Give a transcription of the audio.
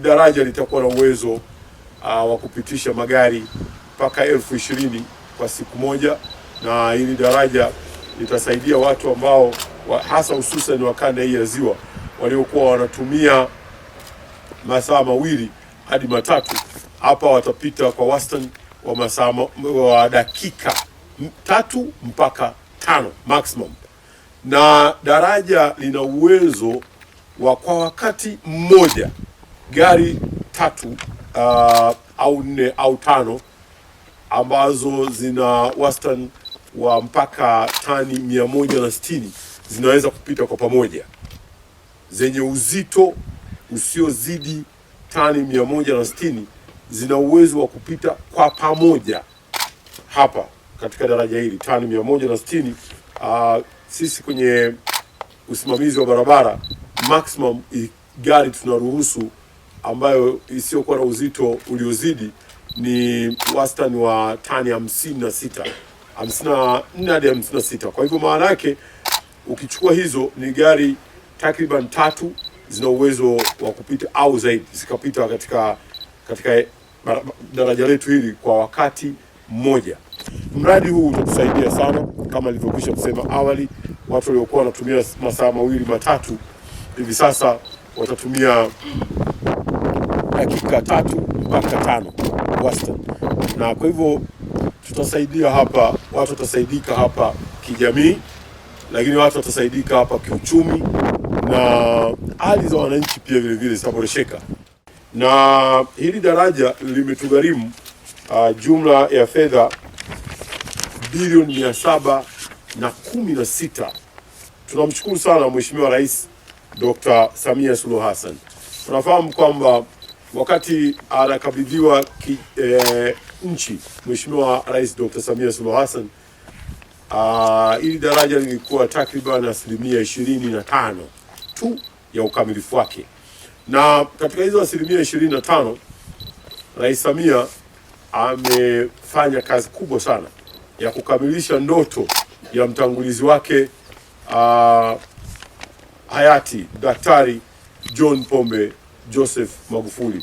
daraja litakuwa na uwezo uh, wa kupitisha magari mpaka elfu ishirini kwa siku moja, na hili daraja litasaidia watu ambao wa, hasa hususan wa kanda hii ya Ziwa waliokuwa wanatumia masaa mawili hadi matatu, hapa watapita kwa wastani wa masaa wa dakika tatu mpaka tano maximum, na daraja lina uwezo wa kwa wakati mmoja gari tatu uh, au nne au tano ambazo zina wastani wa mpaka tani mia moja na sitini zinaweza kupita kwa pamoja zenye uzito usiozidi tani mia moja na sitini zina uwezo wa kupita kwa pamoja hapa katika daraja hili tani mia moja na sitini. Uh, sisi kwenye usimamizi wa barabara maximum eh, gari tunaruhusu ambayo isiyokuwa na uzito uliozidi ni wastani wa tani 56 54 hadi 56. Kwa hivyo maana yake ukichukua hizo ni gari takriban tatu zina uwezo wa kupita au zaidi zikapita katika katika daraja letu hili kwa wakati mmoja. Mradi huu utatusaidia sana, kama nilivyokwisha kusema awali, watu waliokuwa wanatumia masaa mawili matatu hivi sasa watatumia dakika tatu mpaka tano wastani, na kwa hivyo tutasaidia hapa, watu watasaidika hapa kijamii, lakini watu watasaidika hapa kiuchumi, na hali za wananchi pia vilevile zitaboresheka. Na hili daraja limetugharimu uh, jumla ya fedha bilioni mia saba na kumi na sita. Tunamshukuru sana Mheshimiwa Rais Dr. Samia Suluhu Hassan. Tunafahamu kwamba wakati anakabidhiwa e, nchi Mheshimiwa Rais Dr. Samia Suluhu Hassan ili daraja lilikuwa takriban asilimia ishirini na tano tu ya ukamilifu wake, na katika hizo asilimia ishirini na tano Rais Samia amefanya kazi kubwa sana ya kukamilisha ndoto ya mtangulizi wake aa, hayati Daktari John Pombe Joseph Magufuli.